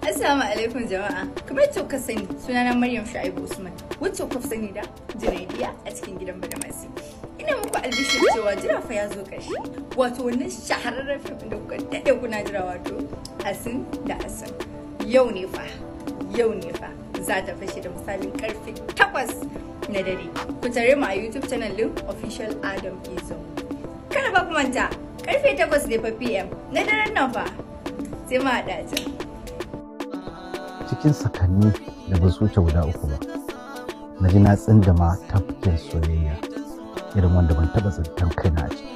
Assalamu alaikum jama'a. Kamar yadda kuka sani, sunana Maryam Shaibu Usman. Wacce kuka sani da Junaidiya a cikin gidan Badamasi. Ina muku albishir cewa jira fa ya zo ƙarshe. Wato wannan shahararren fim da kuka daɗe kuna jira wato hasan da hasan Yau ne fa, yau ne fa za ta fashe da misalin karfe takwas na dare. Ku tare mu a YouTube channel din Official Adam Izo. Kada ba ku manta, karfe takwas ne fa PM na daren nan fa. Sai mu haɗa cikin sakanni da ba su wuce guda uku ba na ji na ma tafkin soyayya irin wanda ban taɓa tsintan kaina a ciki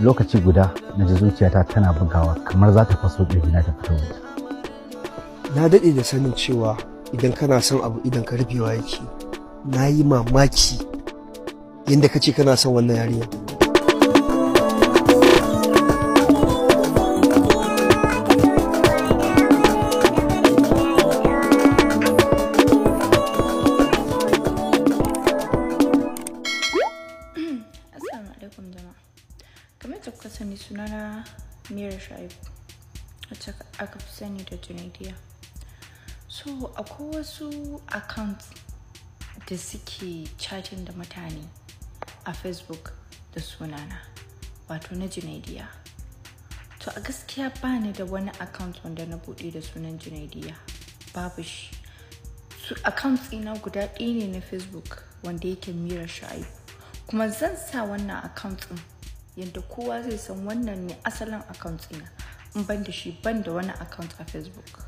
lokaci guda na ji zuciyata tana bugawa kamar za ta faso na ta fito waje na daɗe da sanin cewa idan kana son abu idan ka rufewa yake na yi mamaki yadda ka ce kana son wannan yarinya kamar da kuka sani sunana mira shaibu wacce aka fi sani da tunaidiya so akwai wasu accounts da suke chatting da mutane a facebook da sunana wato na junaidiya to a gaskiya ba ni da wani account wanda na buɗe da sunan junaidiya babu shi su account ina guda ɗaya ne na facebook wanda yake mira shaibu kuma zan sa wannan account ɗin yadda kowa zai san wannan ne asalin account ina in ban da shi ban da wani account a facebook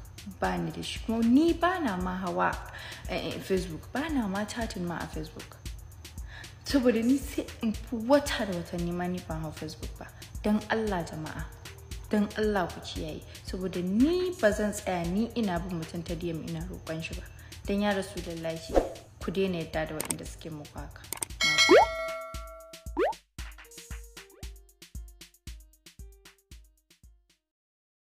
ba ni da shi kuma ni ba na ma hawa a eh, eh, facebook ba na ma chatting ma a facebook saboda ni sai in fi wata da wata ma ni ban hau facebook ba don allah jama'a don allah ku kiyaye saboda ni ba zan tsaya ni ina bin mutum ta diyam ina roƙon shi ba don ya rasu da ku daina yadda da waɗanda suke muku haka